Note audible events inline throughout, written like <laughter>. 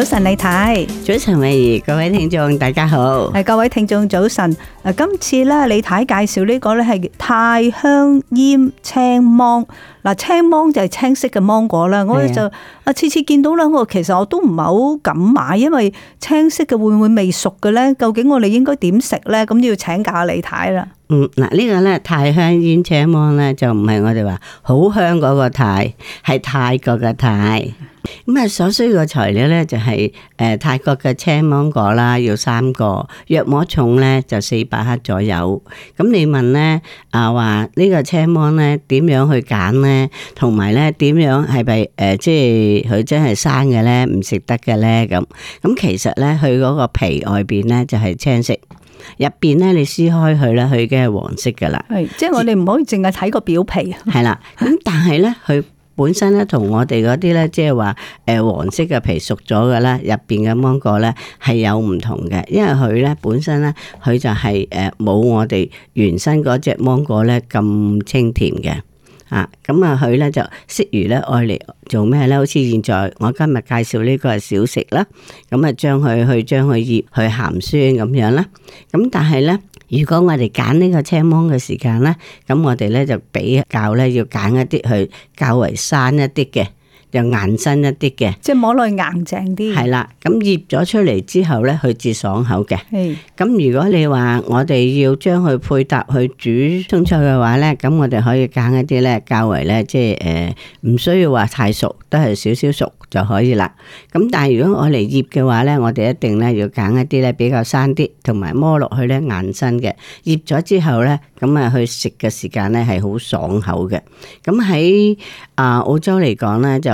早晨，李太，早晨，美儀，各位聽眾大家好，係各位聽眾早晨。啊，今次咧，李太介紹呢個咧係泰香煙青芒。嗱，青芒就係青色嘅芒果啦。我哋就啊，次次見到啦，我其實我都唔係好敢買，因為青色嘅會唔會未熟嘅咧？究竟我哋應該點食咧？咁要請教下李太啦。嗯，嗱，呢個咧泰香煙青芒咧就唔係我哋話好香嗰個泰，係泰國嘅泰。咁啊，所需嘅材料咧就係、是、誒、呃、泰國嘅青芒果啦，要三個，約摸重咧就四百克左右。咁、嗯、你問咧啊話呢個青芒咧點樣去揀咧？同埋咧點樣係咪誒即係佢真係生嘅咧？唔食得嘅咧？咁，咁其實咧佢嗰個皮外邊咧就係青色，入邊咧你撕開佢咧佢已經係黃色噶啦。係，即係我哋唔可以淨係睇個表皮。係 <laughs> 啦，咁但係咧佢。 <laughs> 本身咧同我哋嗰啲咧，即係話誒黃色嘅皮熟咗嘅啦，入邊嘅芒果咧係有唔同嘅，因為佢咧本身咧佢就係誒冇我哋原生嗰隻芒果咧咁清甜嘅啊，咁啊佢咧就適宜咧愛嚟做咩咧？好似現在我今日介紹呢個係小食啦，咁啊將佢去將佢醃去鹹酸咁樣啦，咁但係咧。如果我哋揀呢個青芒嘅時間呢，咁我哋咧就比較咧要揀一啲去較為生一啲嘅。又硬身一啲嘅，即係摸落去硬淨啲。係啦，咁醃咗出嚟之後咧，佢至爽口嘅。係。咁如果你話我哋要將佢配搭去煮通菜嘅話咧，咁我哋可以揀一啲咧較為咧即係誒，唔需要話太熟，都係少少熟就可以啦。咁但係如果我嚟醃嘅話咧，我哋一定咧要揀一啲咧比較生啲，同埋摸落去咧硬身嘅，醃咗之後咧。咁啊，去食嘅時間咧係好爽口嘅。咁喺澳洲嚟講咧，就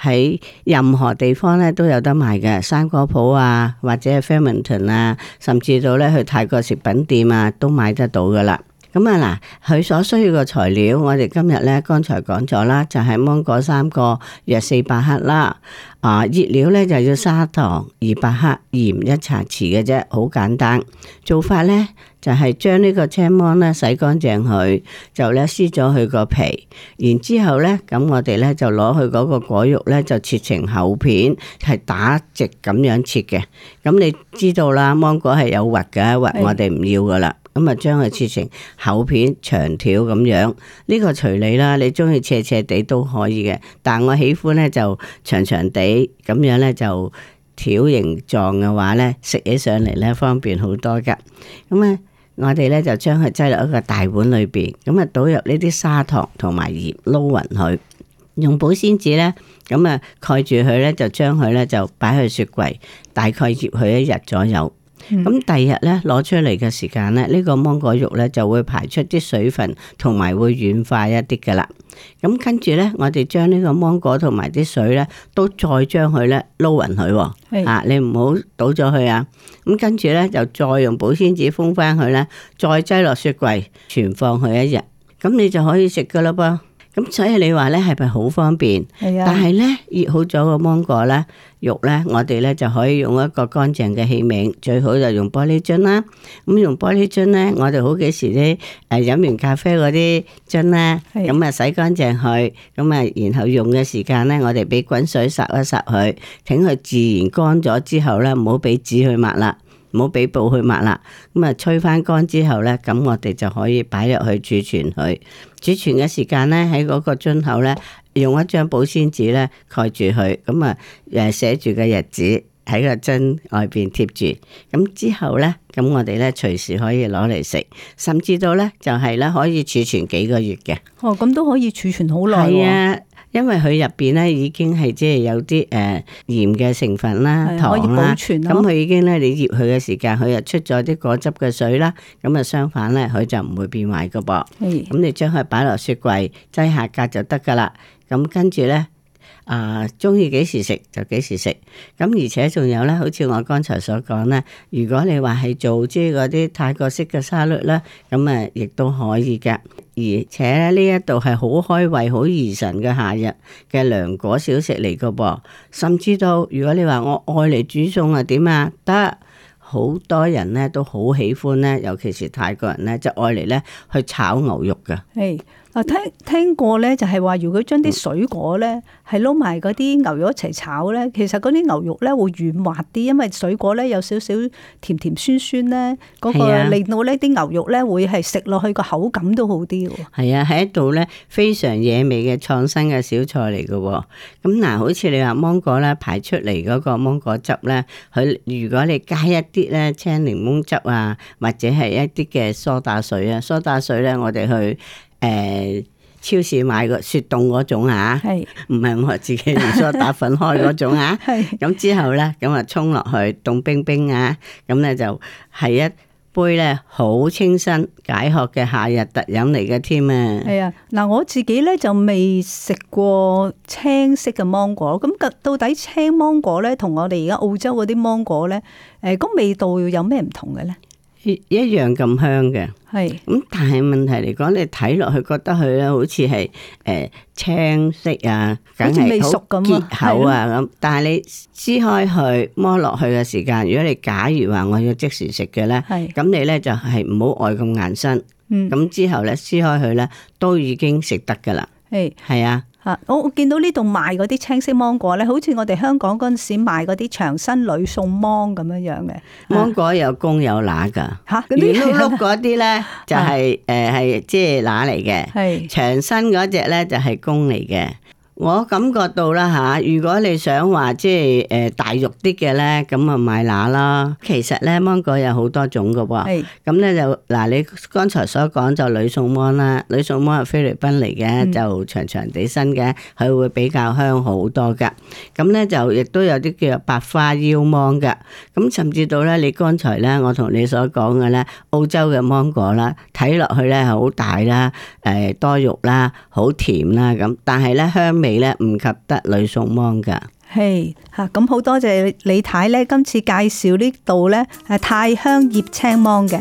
喺任何地方咧都有得賣嘅。生果舖啊，或者係 Flemington 啊，甚至到咧去泰國食品店啊，都買得到嘅啦。咁啊嗱，佢所需要嘅材料，我哋今日咧，剛才講咗啦，就係芒果三個，約四百克啦。啊，熱料咧就要砂糖二百克，鹽一茶匙嘅啫，好簡單。做法咧就係將呢個青芒咧洗乾淨佢，就咧撕咗佢個皮，然之後咧咁我哋咧就攞佢嗰個果肉咧就切成厚片，係打直咁樣切嘅。咁你知道啦，芒果係有核嘅，核我哋唔要噶啦。咁啊，將佢切成厚片、長條咁樣，呢個隨你啦，你中意斜斜地都可以嘅。但我喜歡呢就長長地咁樣呢就條形狀嘅話呢，食起上嚟呢方便好多噶。咁啊，我哋呢就將佢擠落一個大碗裏邊，咁啊倒入呢啲砂糖同埋鹽，撈勻佢，用保鮮紙呢咁啊蓋住佢呢，呢就將佢呢就擺去雪櫃，大概醃佢一日左右。咁第二日咧攞出嚟嘅時間咧，呢個芒果肉咧就會排出啲水分，同埋會軟化一啲嘅啦。咁跟住咧，我哋將呢個芒果同埋啲水咧，都再將佢咧撈匀佢，哦、是啊，你唔好倒咗佢啊。咁跟住咧，就再用保鮮紙封翻佢咧，再擠落雪櫃存放佢一日，咁你就可以食嘅啦噃。咁所以你話咧係咪好方便？係啊。但係咧熱好咗個芒果咧肉咧，我哋咧就可以用一個乾淨嘅器皿，最好就用玻璃樽啦。咁用玻璃樽咧，我哋好幾時咧誒飲完咖啡嗰啲樽咧，咁啊是的 洗乾淨佢。咁啊然後用嘅時間咧，我哋俾滾水濕一濕佢，等佢自然乾咗之後咧，唔好俾紙去抹啦。唔好俾布去抹啦，咁啊吹翻乾之，之後呢，咁我哋就可以擺入去儲存佢。儲存嘅時間呢，喺嗰個樽口呢，用一張保鮮紙呢蓋住佢，咁啊誒寫住嘅日子喺個樽外邊貼住。咁之後呢，咁我哋呢隨時可以攞嚟食，甚至到呢就係呢可以儲存幾個月嘅。哦，咁都可以儲存好耐。因為佢入邊咧已經係即係有啲誒鹽嘅成分啦、是糖啦，可以保存，咁佢已經咧你醃佢嘅時間，佢又出咗啲果汁嘅水啦，咁啊相反咧佢就唔會變壞噶噃。咁的你將佢擺落雪櫃，擠下格就得噶啦。咁跟住咧。啊，中意幾時食就幾時食。咁而且仲有咧，好似我剛才所講咧，如果你話係做即嗰啲泰國式嘅沙律咧，咁啊亦都可以嘅。而且咧呢一度係好開胃、好怡神嘅夏日嘅涼果小食嚟嘅噃。甚至到如果你話我愛嚟煮餸啊點啊得？好多人咧都好喜歡咧，尤其是泰國人咧，就愛嚟咧去炒牛肉嘅。Hey. 啊，聽聽過咧，就係話如果將啲水果咧，係撈埋嗰啲牛肉一齊炒咧，其實嗰啲牛肉咧會軟滑啲，因為水果咧有少少甜甜酸酸咧，嗰、嗰個令到呢啲牛肉咧會係食落去個口感都好啲。係啊，喺度咧非常惹味嘅創新嘅小菜嚟嘅。咁嗱，好似你話芒果啦，排出嚟嗰個芒果汁咧，佢如果你加一啲咧青檸檬汁啊，或者係一啲嘅梳打水啊，梳打水咧，我哋去。誒，超市買個雪凍嗰種吓、啊，係唔係我自己用梳打粉開嗰種吓、啊？係咁 <laughs> 是之後咧，咁啊沖落去凍冰冰啊，咁咧就係一杯咧好清新解渴嘅夏日特飲嚟嘅添啊！係啊，嗱我自己咧就未食過青色嘅芒果，咁到底青芒果咧同我哋而家澳洲嗰啲芒果咧，誒，咁味道有咩唔同嘅咧？一一樣咁香嘅，咁的但係問題嚟講，你睇落去覺得佢咧好似係誒青色啊，梗係未熟咁啊，結口啊咁。但係你撕開佢摸落去嘅時間，如果你假如話我要即時食嘅咧，咁的你咧就係唔好外咁硬身，咁、嗯、之後咧撕開佢咧都已經食得噶啦。誒的，係啊。啊！我我見到呢度賣嗰啲青色芒果咧，好似我哋香港嗰陣時賣嗰啲長身呂宋芒咁樣樣嘅。啊、芒果有公有乸㗎，啲碌碌嗰啲咧就係誒係即係乸嚟嘅，長身嗰隻咧就係公嚟嘅。我感覺到啦嚇，如果你想話即係誒大肉啲嘅咧，咁啊買乸啦。其實咧，芒果有好多種噶喎。咁咧是就嗱，你剛才所講就呂宋芒啦，呂宋芒係菲律賓嚟嘅，就長長地身嘅，佢會比較香好多嘅。咁咧就亦都有啲叫做白花腰芒嘅。咁甚至到咧，你剛才咧我同你所講嘅咧，澳洲嘅芒果啦，睇落去咧係好大啦，誒多肉啦，好甜啦咁，但係咧香味。唔及得女送芒㗎，係吓咁。好多謝李太呢，今次介紹呢度呢係太香葉青芒嘅。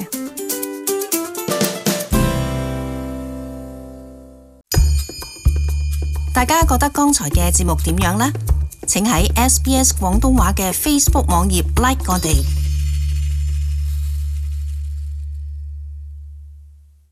大家覺得剛才嘅節目點樣呢？請喺 SBS 廣東話嘅 Facebook 網頁 like 我哋。